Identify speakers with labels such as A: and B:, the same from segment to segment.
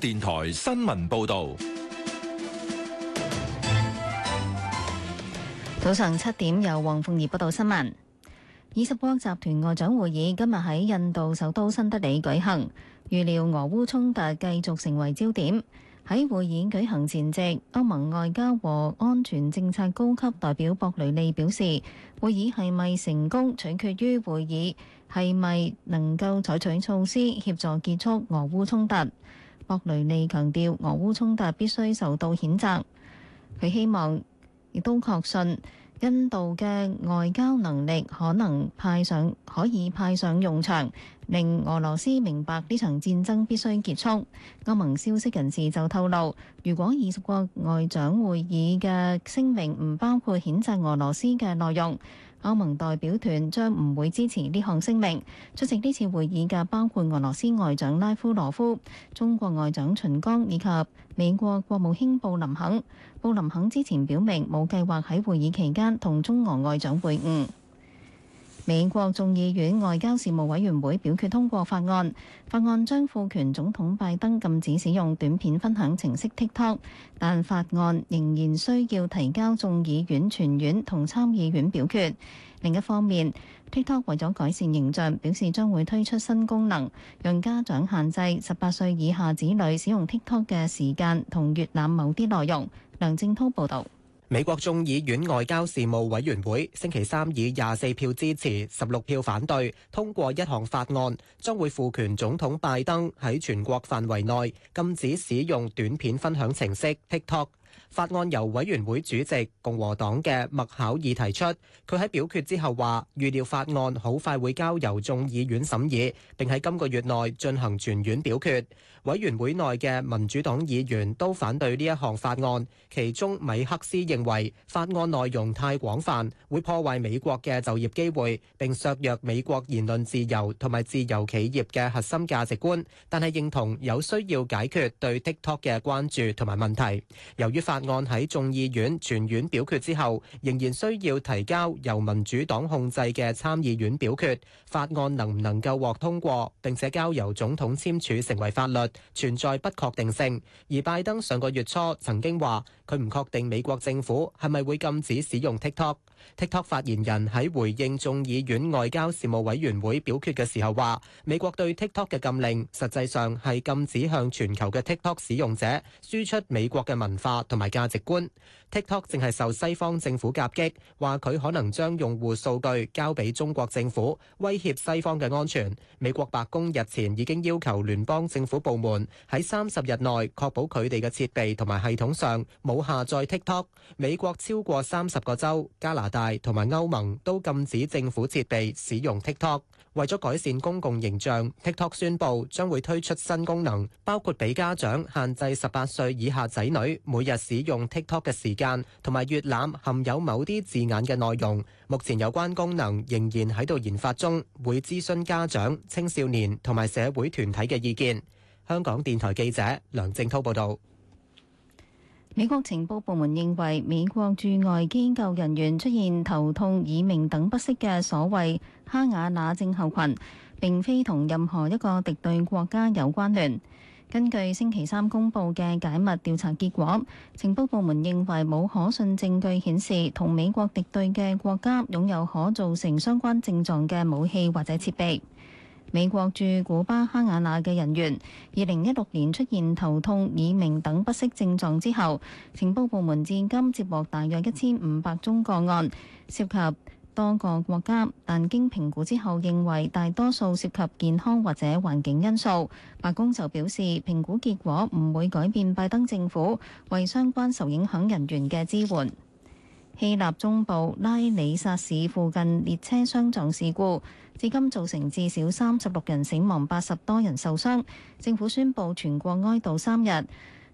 A: 電台
B: 新聞報道：
C: 早上七點，由黃鳳儀報道新聞。二十國集團外長會議今日喺印度首都新德里舉行，預料俄烏衝突繼續成為焦點。喺會議舉行前夕，歐盟外交和安全政策高級代表博雷利表示，會議係咪成功，取決於會議係咪能夠採取措施協助結束俄烏衝突。博雷利，強調俄烏衝突必須受到譴責，佢希望亦都確信印度嘅外交能力可能派上可以派上用場，令俄羅斯明白呢場戰爭必須結束。歐盟消息人士就透露，如果二十國外長會議嘅聲明唔包括譴責俄羅斯嘅內容。歐盟代表團將唔會支持呢項聲明。出席呢次會議嘅包括俄羅斯外長拉夫羅夫、中國外長秦剛以及美國國務卿布林肯。布林肯之前表明冇計劃喺會議期間同中俄外長會晤。美國眾議院外交事務委員會表決通過法案，法案將賦權總統拜登禁止使用短片分享程式 TikTok，但法案仍然需要提交眾議院全院同參議院表決。另一方面，TikTok 為咗改善形象，表示將會推出新功能，讓家長限制十八歲以下子女使用 TikTok 嘅時間同閲覽某啲內容。梁正滔報導。
B: 美國眾議院外交事務委員會星期三以廿四票支持、十六票反對通過一項法案，將會賦權總統拜登喺全國範圍內禁止使用短片分享程式 TikTok。法案由委員會主席共和黨嘅麥考爾提出，佢喺表決之後話，預料法案好快會交由眾議院審議，並喺今個月內進行全院表決。委員會內嘅民主黨議員都反對呢一項法案，其中米克斯認為法案內容太廣泛，會破壞美國嘅就業機會，並削弱美國言論自由同埋自由企業嘅核心價值觀。但係認同有需要解決對 TikTok 嘅關注同埋問題。由於法案喺眾議院全院表決之後，仍然需要提交由民主黨控制嘅參議院表決。法案能唔能夠獲通過，並且交由總統簽署成為法律，存在不確定性。而拜登上個月初曾經話：佢唔確定美國政府係咪會禁止使用 TikTok。TikTok 發言人喺回應眾議院外交事務委員會表決嘅時候話：美國對 TikTok 嘅禁令，實際上係禁止向全球嘅 TikTok 使用者輸出美國嘅文化同埋價值觀。TikTok 正係受西方政府夾擊，話佢可能將用戶數據交俾中國政府，威脅西方嘅安全。美國白宮日前已經要求聯邦政府部門喺三十日內確保佢哋嘅設備同埋系統上冇下載 TikTok，美國超過三十個州、加拿大同埋歐盟都禁止政府設備使用 TikTok。為咗改善公共形象，TikTok 宣布將會推出新功能，包括俾家長限制十八歲以下仔女每日使用 TikTok 嘅時間，同埋閱覽含有某啲字眼嘅內容。目前有關功能仍然喺度研發中，會諮詢家長、青少年同埋社會團體嘅意見。香港電台記者梁正濤報道。
C: 美國情報部門認為，美國駐外機構人員出現頭痛、耳鳴等不適嘅所謂哈瓦那症候群，並非同任何一個敵對國家有關聯。根據星期三公佈嘅解密調查結果，情報部門認為冇可信證據顯示同美國敵對嘅國家擁有可造成相關症狀嘅武器或者設備。美國駐古巴哈瓦那嘅人員，二零一六年出現頭痛、耳鳴等不適症狀之後，情報部門至今接獲大約一千五百宗個案，涉及多個國家，但經評估之後認為大多數涉及健康或者環境因素。白宮就表示，評估結果唔會改變拜登政府為相關受影響人員嘅支援。希臘中部拉里薩市附近列車相撞事故，至今造成至少三十六人死亡，八十多人受傷。政府宣布全國哀悼三日。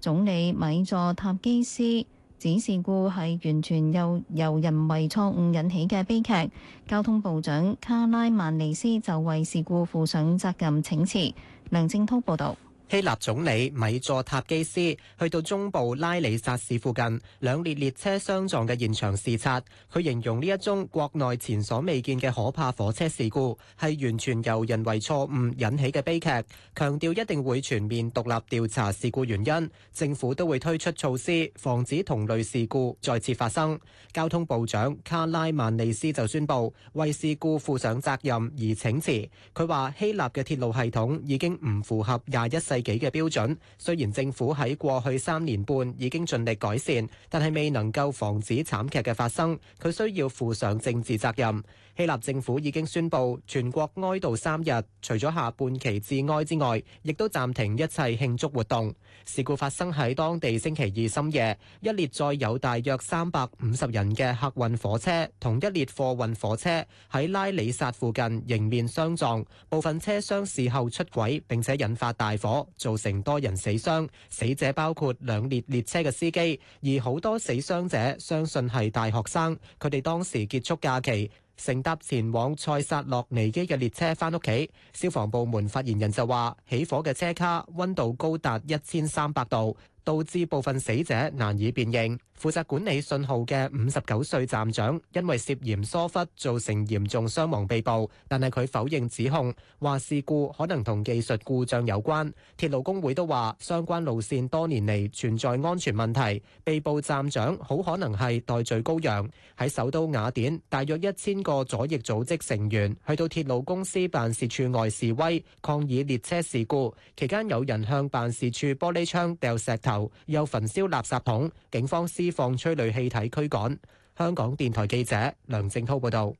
C: 總理米佐塔基斯指事故係完全由由人為錯誤引起嘅悲劇。交通部長卡拉曼尼斯就為事故負上責任，請辭。梁正滔報導。
B: 希臘總理米佐塔基斯去到中部拉里薩市附近兩列列車相撞嘅現場視察，佢形容呢一宗國內前所未見嘅可怕火車事故係完全由人為錯誤引起嘅悲劇，強調一定會全面獨立調查事故原因，政府都會推出措施防止同類事故再次發生。交通部長卡拉曼利斯就宣布為事故負上責任而請辭，佢話希臘嘅鐵路系統已經唔符合廿一世自己嘅標準，雖然政府喺過去三年半已經盡力改善，但係未能夠防止慘劇嘅發生，佢需要負上政治責任。希臘政府已經宣布全國哀悼三日，除咗下半旗致哀之外，亦都暫停一切慶祝活動。事故發生喺當地星期二深夜，一列載有大約三百五十人嘅客運火車同一列貨運火車喺拉里薩附近迎面相撞，部分車廂事後出軌，並且引發大火。造成多人死傷，死者包括兩列列車嘅司機，而好多死傷者相信係大學生，佢哋當時結束假期，乘搭前往塞薩洛尼基嘅列車翻屋企。消防部門發言人就話，起火嘅車卡溫度高達一千三百度。導致部分死者難以辨認。負責管理信號嘅五十九歲站長因為涉嫌疏忽造成嚴重傷亡被捕，但係佢否認指控，話事故可能同技術故障有關。鐵路工會都話相關路線多年嚟存在安全問題。被捕站長好可能係代罪羔羊。喺首都雅典，大約一千個左翼組織成員去到鐵路公司辦事處外示威，抗議列車事故。期間有人向辦事處玻璃窗掉石頭。又焚燒垃圾桶，警方施放催淚氣體驅趕。香港電台記者梁正濤報道。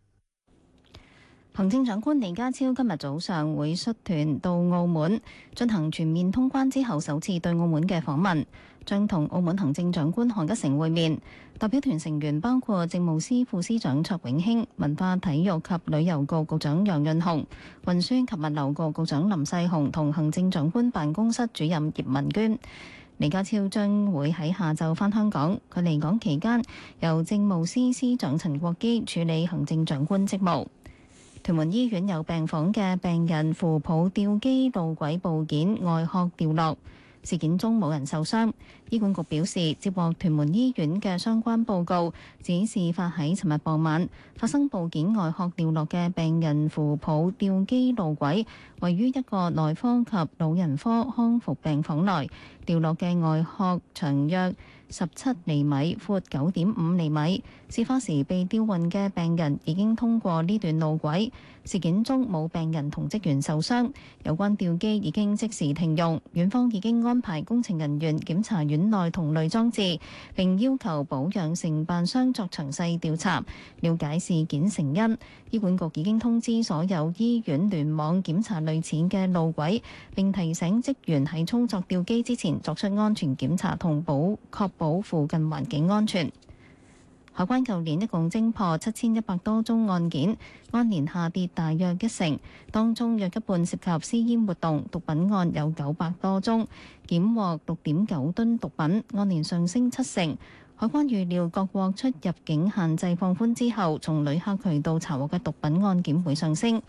C: 行政長官李家超今日早上會率團到澳門進行全面通關之後首次對澳門嘅訪問，將同澳門行政長官何 e 成 s 會面。代表團成員包括政務司副司長卓永興、文化體育及旅遊局，局局長楊潤雄、運輸及物流局，局局長林世雄，同行政長官辦公室主任葉文娟。李家超將會喺下晝返香港，佢離港期間由政務司司長陳國基處理行政長官職務。屯門醫院有病房嘅病人扶抱吊機導軌部件外殼掉落。事件中冇人受傷，醫管局表示接獲屯門醫院嘅相關報告，指事發喺尋日傍晚發生。部件外殼掉落嘅病人扶抱吊機路軌，位於一個內科及老人科康復病房內。掉落嘅外殼長約十七厘米，闊九點五厘米。事發時被吊運嘅病人已經通過呢段路軌。事件中冇病人同職員受傷，有關吊機已經即時停用，院方已經安排工程人員檢查院內同類裝置，並要求保養承辦商作詳細調查，了解事件成因。醫管局已經通知所有醫院聯網檢查類似嘅路軌，並提醒職員喺操作吊機之前作出安全檢查同保，確保附近環境安全。海關舊年一共偵破七千一百多宗案件，按年下跌大約一成。當中約一半涉及私煙活動，毒品案有九百多宗，檢獲六點九噸毒品，按年上升七成。海關預料，各國出入境限制放寬之後，從旅客渠道查獲嘅毒品案件會上升。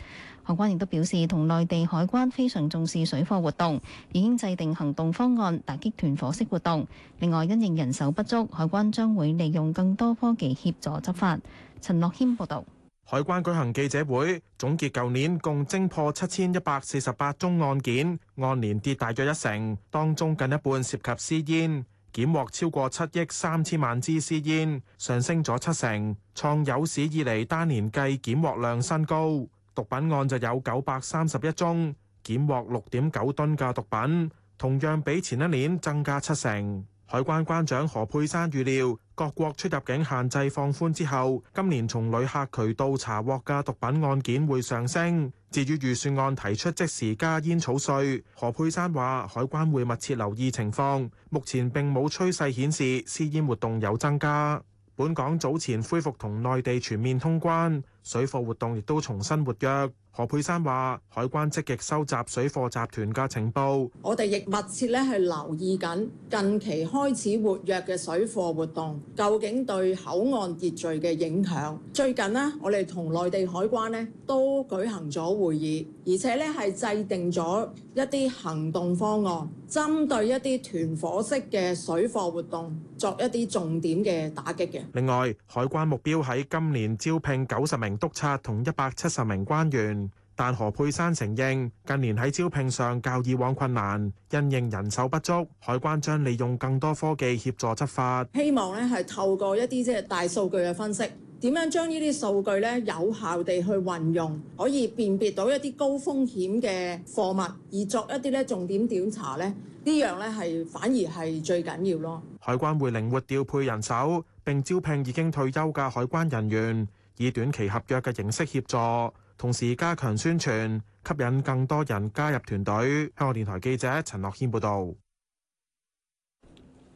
C: 海關亦都表示，同內地海關非常重視水貨活動，已經制定行動方案打擊團伙式活動。另外，因應人手不足，海關將會利用更多科技協助執法。陳樂謙報道。
A: 海關舉行記者會，總結舊年共偵破七千一百四十八宗案件，按年跌大約一成，當中近一半涉及私煙，檢獲超過七億三千萬支私煙，上升咗七成，創有史以嚟單年計檢獲量新高。毒品案就有九百三十一宗，檢獲六點九噸嘅毒品，同樣比前一年增加七成。海關關長何珮珊預料，各國出入境限制放寬之後，今年從旅客渠道查獲嘅毒品案件會上升。至於預算案提出即時加煙草稅，何珮珊話海關會密切留意情況，目前並冇趨勢顯示私煙活動有增加。本港早前恢復同內地全面通關，水貨活動亦都重新活躍。何佩珊話：海關積極收集水貨集團嘅情報，
C: 我哋亦密切咧係留意緊近期開始活躍嘅水貨活動，究竟對口岸秩序嘅影響。最近呢，我哋同內地海關呢都舉行咗會議，而且咧係制定咗一啲行動方案。針對一啲團伙式嘅水貨活動，作一啲重點嘅打擊嘅。
A: 另外，海關目標喺今年招聘九十名督察同一百七十名關員，但何佩珊承認近年喺招聘上較以往困難，因應人手不足，海關將利用更多科技協助執法。希
C: 望咧係透過一啲即係大數據嘅分析。點樣將呢啲數據咧有效地去運用，可以辨別到一啲高風險嘅貨物，而作一啲咧重點調查咧？呢樣咧係反而係最緊要咯。
A: 海關會靈活調配人手，並招聘已經退休嘅海關人員以短期合約嘅形式協助，同時加強宣傳，吸引更多人加入團隊。香港電台記者陳樂軒報導。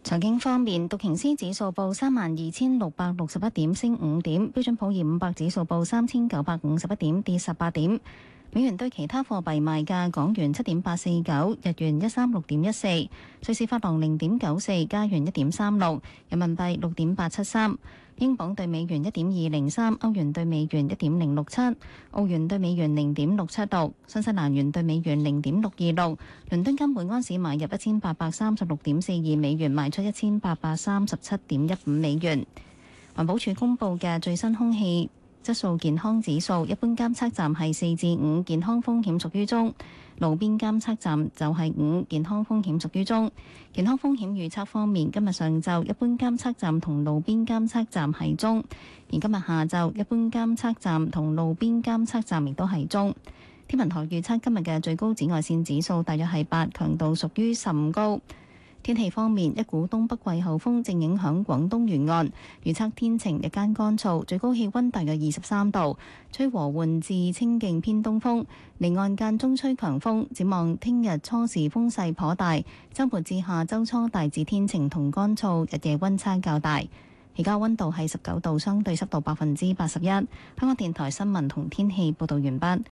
C: 財經方面，道瓊斯指數報三萬二千六百六十一點，升五點；標準普爾五百指數報三千九百五十一點，跌十八點。美元對其他貨幣賣價，港元七點八四九，日元一三六點一四，瑞士法郎零點九四，加元一點三六，人民幣六點八七三。英鎊對美元一點二零三，歐元對美元一點零六七，澳元對美元零點六七六，新西蘭元對美元零點六二六。倫敦金每安士買入一千八百三十六點四二美元，賣出一千八百三十七點一五美元。環保署公布嘅最新空氣質素健康指數，一般監測站係四至五，健康風險屬於中。路邊監測站就係五，健康風險屬於中。健康風險預測方面，今日上晝一般監測站同路邊監測站係中，而今日下晝一般監測站同路邊監測站亦都係中。天文台預測今日嘅最高紫外線指數大約係八，強度屬於甚高。天氣方面，一股東北季候風正影響廣東沿岸，預測天晴，日間乾燥，最高氣溫大約二十三度，吹和緩至清勁偏東風，離岸間中吹強風。展望聽日初時風勢頗大，週末至下週初大致天晴同乾燥，日夜溫差較大。而家溫度係十九度，相對濕度百分之八十一。香港電台新聞同天氣報道完畢。